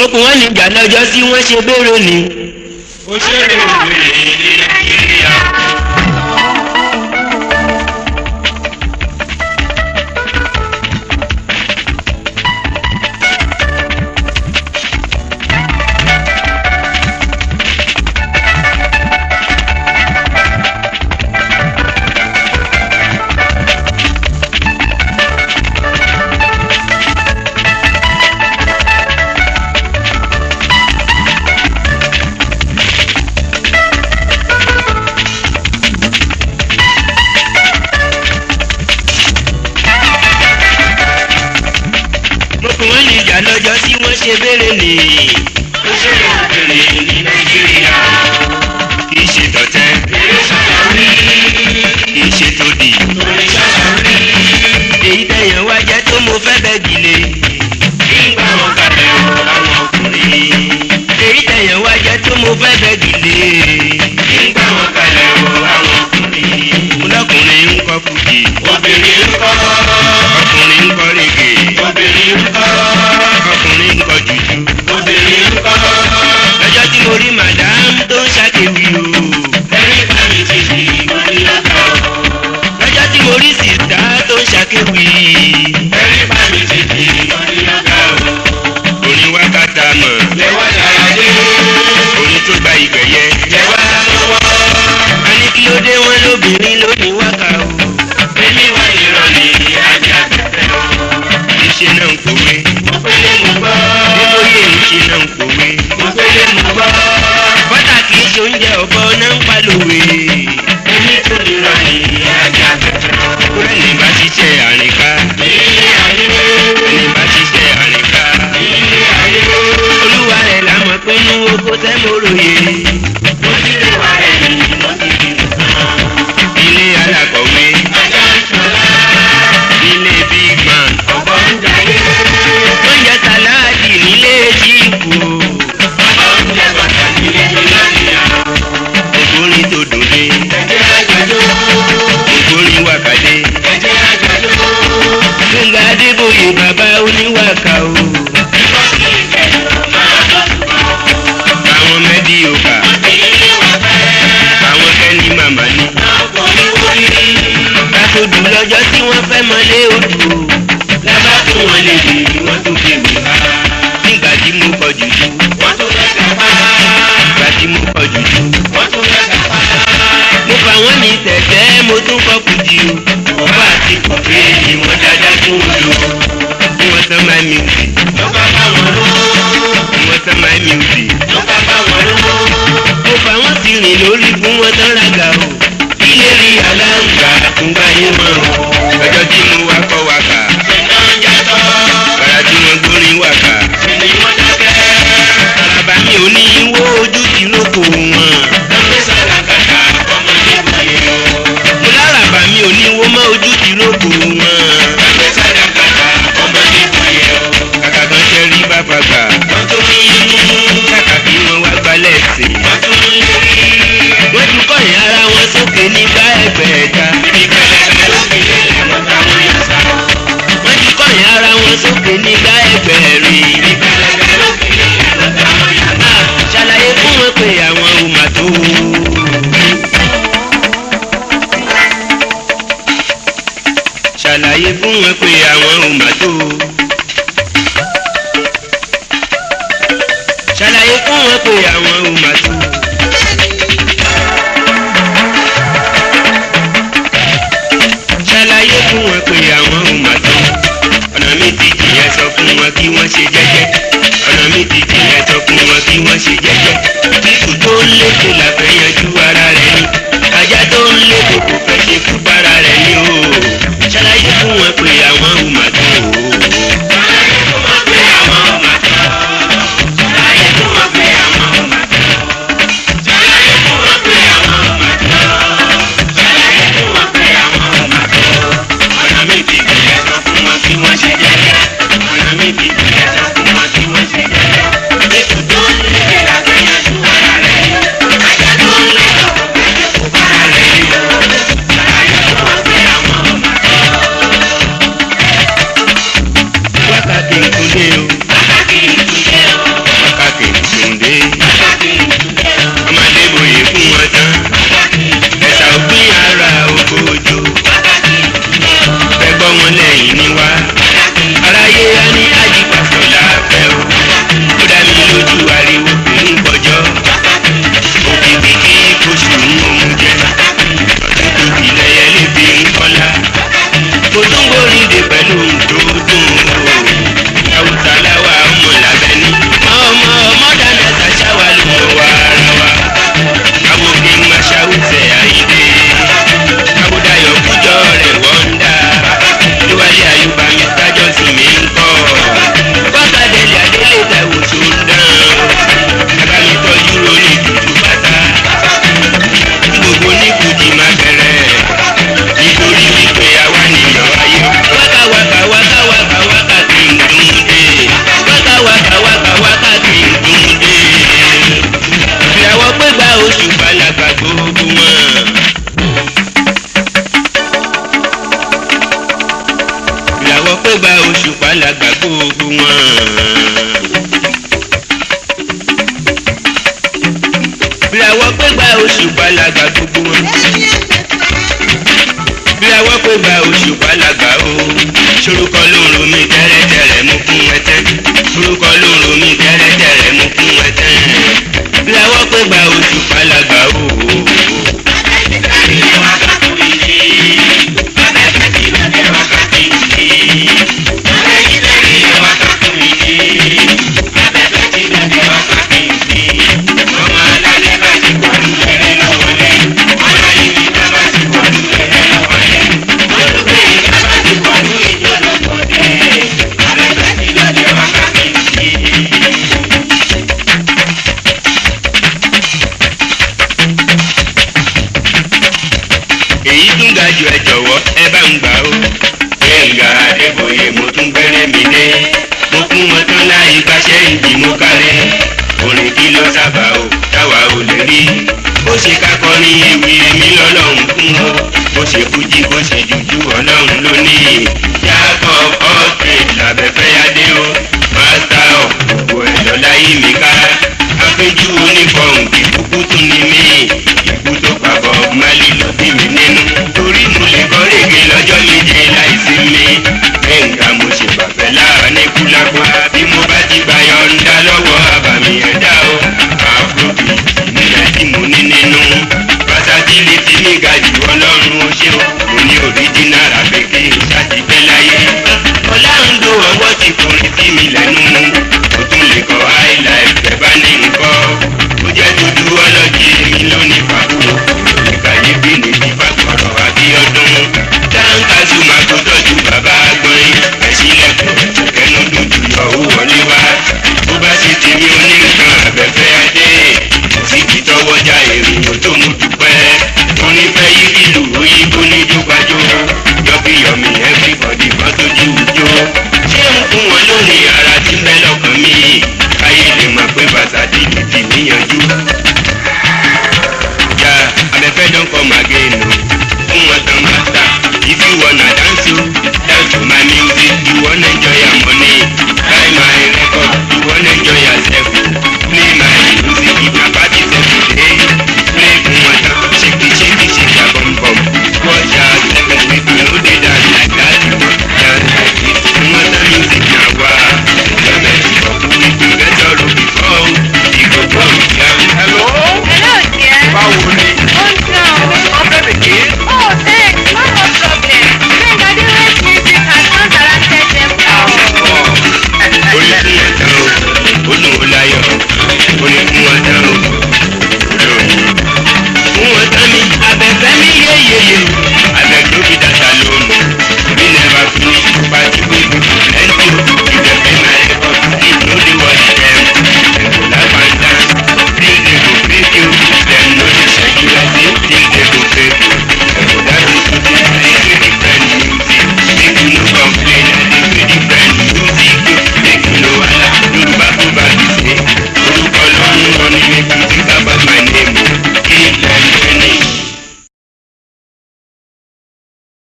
mo pè wọ́n ní ìgbà náà tí wọ́n ṣe béèrè ni. ó ṣe é lè rí i. òṣèlú òṣèlú òkèlè ní nàìjíríà kì í ṣe tọ̀tẹ̀ eré ṣàṣà rí kì í ṣe tòdì orin ṣàṣà rí èyí tẹ̀yàn wá jẹ́ tó mo fẹ́ bẹ́ẹ̀ gìlè. ayé mọ̀ ọjọ́ tí mo wá kọ́ wa kà. Bàrà tí wọ́n gbórin wa kà. Àlàbà mi ò ní wó ojú tí lóko wọn. Mo lárabà mi ṣe bá òṣùpá làgbà gbogbo wọn. bírawọ́ pé gba òṣùpá làgbà gbogbo wọn. bírawọ́ pé gba òṣùpá làgbà o. sorúkọ lóru mi tẹ́lẹ̀. èyí tún ga jù ẹ jọ̀wọ́ ẹ bá ń gbà ó. gbẹ̀ngà adébóyè mo tún gbẹ́rẹ́ mi dé mo fún wọn tán láì gbàṣẹ́ ìdí mo kárẹ́ orin kí ló sábà ó táwa ò lè rí bó ṣe kakọrin ewì èmi lọ́lọ́run fún ọ bó ṣe fújì bó ṣe jùjú ọlọ́run ló